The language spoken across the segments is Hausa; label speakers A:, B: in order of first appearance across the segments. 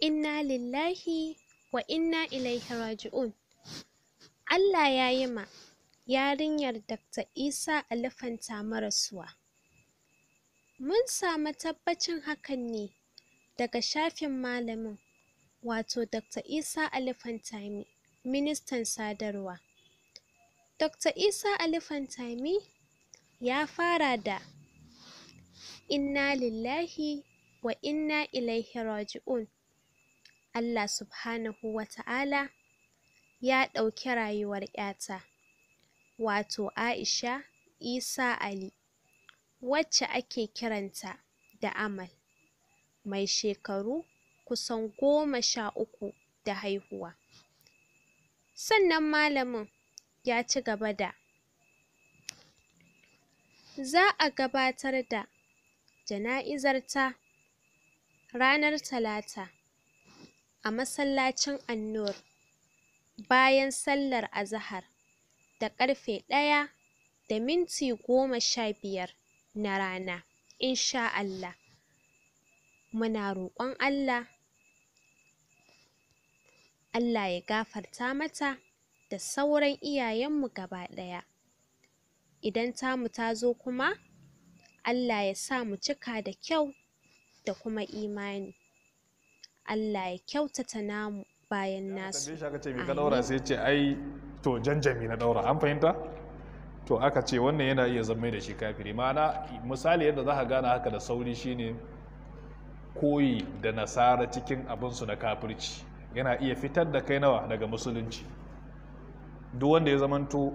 A: inna lillahi wa inna ilaihi raji'un Allah ya yi ma yarinyar Dr. Isa Alifanta marasuwa mun samu tabbacin hakan ne daga shafin malamin wato Dr. Isa Alifantami ministan sadarwa Dr. Isa Alifantami ya fara da inna lillahi wa inna ilaihi raji'un Allah subhanahu wa ta'ala ya ɗauki rayuwar ƴata, wato Aisha Isa Ali, wacce ake kiranta da Amal, mai shekaru kusan goma sha uku da haihuwa. Sannan malamin ya ci gaba da za a gabatar da jana'izarta ranar Talata. a masallacin annur bayan sallar azahar da ƙarfe ɗaya da minti goma sha biyar na rana insha Allah muna roƙon Allah Allah ya gafarta mata da sauran iyayenmu gaba ɗaya idan tamu ta zo kuma Allah ya sa mu cika da kyau da kuma imani Allah ya kyautata namu bayan nasu ya ce me ka daura sai
B: ce ai to janjami na daura an fahimta to aka ce wannan yana iya zama da shi kafiri ma'ana misali yadda za ka gane haka da sauri shine koyi da nasara cikin abinsu na kafirci yana iya fitar da kai nawa daga musulunci duk wanda ya zamanto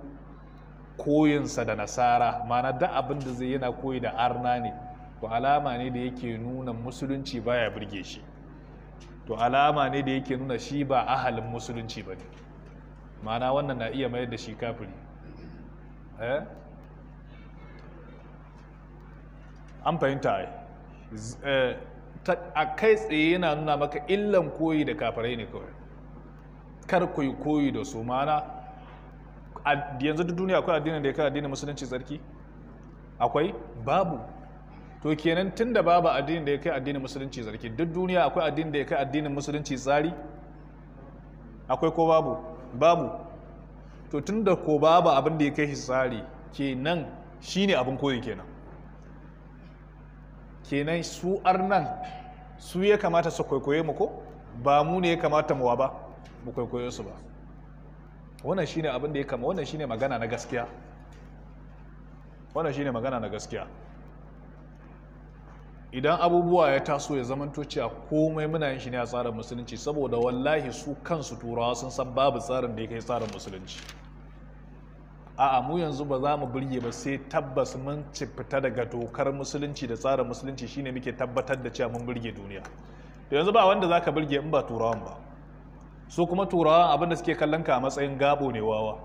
B: koyinsa da nasara mana da abin da zai yana koyi da arna ne to alama ne da yake nuna musulunci baya birge shi to alama ne da yake nuna shi ba ahalin musulunci ba ne mana wannan na iya mayar da shi kafiri eh? an fahimta eh, a kai tsaye yana nuna maka illan koyi da kafirai ne kawai kar ku yi koyi da su mana yanzu duk duniya akwai addinin da ya kai addinin musulunci tsarki akwai babu to kenan tun da babu addinin da ya kai addinin musulunci zarki duk duniya akwai addinin da ya kai addinin musulunci tsari akwai ko babu babu to tun da ko babu abin da ya kai shi tsari kenan shine abin koyi kenan kenan su arnan su ya kamata su kwaikwaye mu ko ba mu ne ya kamata muwa ba mu kwaikwaye su ba wannan shine abin da ya kama wannan shine magana na gaskiya wannan shine magana na gaskiya idan abubuwa ya taso ya toci cewa komai muna yin shi ne a tsarin musulunci saboda wallahi su kansu turawa sun san babu tsarin da ya kai tsarin musulunci a'a mu yanzu ba za mu burge ba sai tabbas mun ci fita daga dokar musulunci da tsarin musulunci shine muke tabbatar da cewa mun burge duniya da yanzu ba wanda zaka burge in ba turawan ba su kuma turawan abin da suke kallon ka a matsayin gabo ne wawa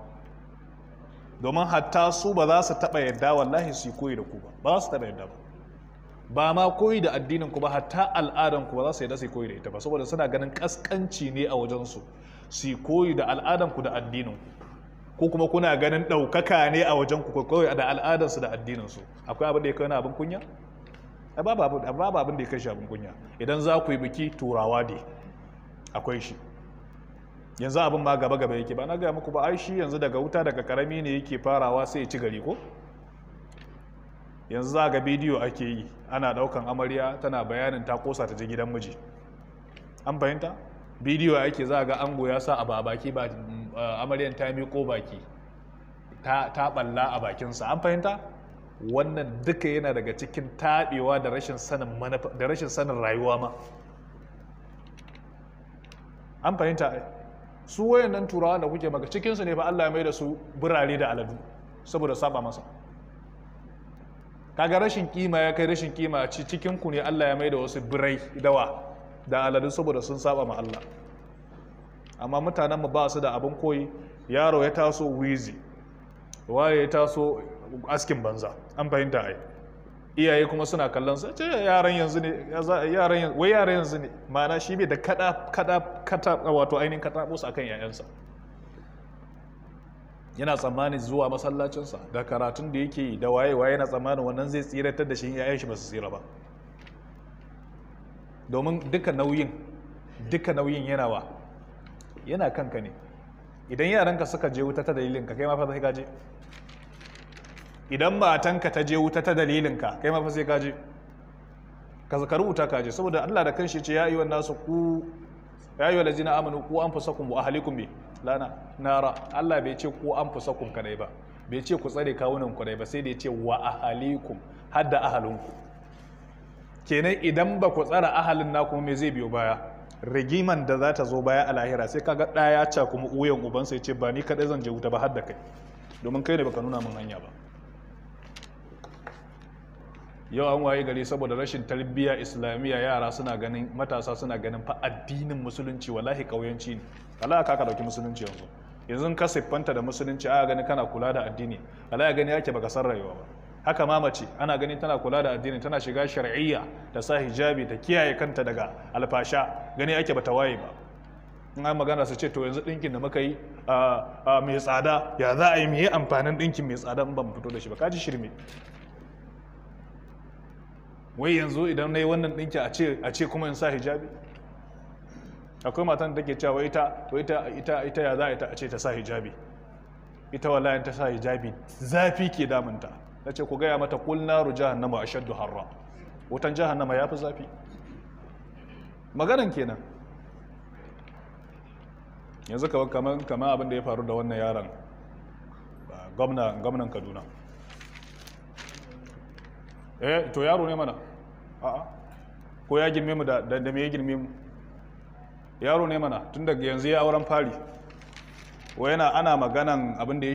B: domin hatta su ba za su taɓa yadda wallahi su yi koyi da ku ba ba su taɓa yadda ba ba ma koyi da addinin ku ba hatta al'adan ku ba za su yadda su koyi da ita ba saboda suna ganin kaskanci ne a wajen su su koyi da al'adan ku da addinin ku ko kuma kuna ganin ɗaukaka ne a wajen ku koyi da al'adan su da addinin su akwai abin da ya kai wani abin kunya babu abin da ya kai shi abin kunya idan za ku yi biki turawa ne akwai shi yanzu abin ma gaba gaba yake ba na gaya muku ba ai shi yanzu daga wuta daga karami ne yake farawa sai ya ci gari ko yanzu za ga bidiyo ake yi ana daukan amarya tana bayanin ta kosa ta je gidan miji an fahimta bidiyo ake za ga ango ya sa a baki ba eh, amaryan ta miko baki ta balla a bakinsa an fahimta wannan duka yana daga cikin taɓewa da rashin sanin rayuwa ma an fahimta su wayannan turawa da kuke maka cikinsu ne ba Allah ya mai da su birane da aladu saboda saba masa kaga rashin kima ya kai rashin kima a cikin ku ne Allah ya maida wasu birai dawa da aladu saboda sun saba ma Allah amma mutanen mu ba su da abin koyi yaro ya taso wizi waye ya taso askin banza an fahimta ai iyaye kuma suna kallon sa, ce yaran yanzu ne yaran yanzu wai yaran yanzu ne ma'ana shi bai da kada kada kata wato ainihin kata akan yayansa yana tsammani zuwa masallacinsa da karatun da yake yi da waye-waye yana tsammanin wannan zai tsiratar da shi yayan shi ba su tsira ba domin duka nauyin duka nauyin yana wa yana kanka ne idan yaranka suka je wuta ta dalilinka kai ma fa sai ka je idan matanka ta je wuta ta dalilinka kai ma fa sai ka je ka zaka rubuta ka je saboda Allah da kanshi ce ya ayyuhan nasu ku ya ayyuhal ladzina amanu ku anfusakum wa ahlikum bi lana nara Allah bai ce ku an kun kadai ba bai ce ku tsare kawunan kadai ba sai da ya ce wa ahalikum hadda ahalinku kenan idan ba ku tsara ahalin na kuma me zai biyo baya rigiman da za ta zo baya a lahira sai kaga ɗaya ya ca kuma uyan ubansa ya ce ba ni kadai zan je wuta ba har kai domin kai ne baka nuna min hanya ba yau an waye gari saboda rashin tarbiyya islamiyya yara suna ganin matasa suna ganin fa addinin musulunci wallahi kauyanci ne Allah ka ka dauki musulunci yanzu yanzu ka siffanta da musulunci aka gani kana kula da addini Allah ya gani yake baka san rayuwa ba haka ma mace ana gani tana kula da addini tana shiga shar'iyya da sa hijabi ta kiyaye kanta daga alfasha gani yake bata waye ba in an magana su ce to yanzu dinkin da muka yi ah, ah, mai tsada ya za a yi mai amfanin dinkin mai tsada in ban fito da shi ba ka ji shirme wai yanzu idan na yi wannan ɗinki a ce kuma in sa hijabi akwai matan da ke cewa ita ita ya za a ita a ce ta sa hijabi ita wallahi ta sa hijabi zafi ke damunta na ce ku gaya mata kul jahannama a shaddu harra wutan jahannama ya fi zafi maganan kenan yanzu kamar kamar abin da ya faru da wannan yaron gwamnan kaduna eh to yaro ne mana a'a ko ya girme mu da da ya girme mu yaro ne mana tun daga yanzu ya auren fari wa yana ana maganan abin da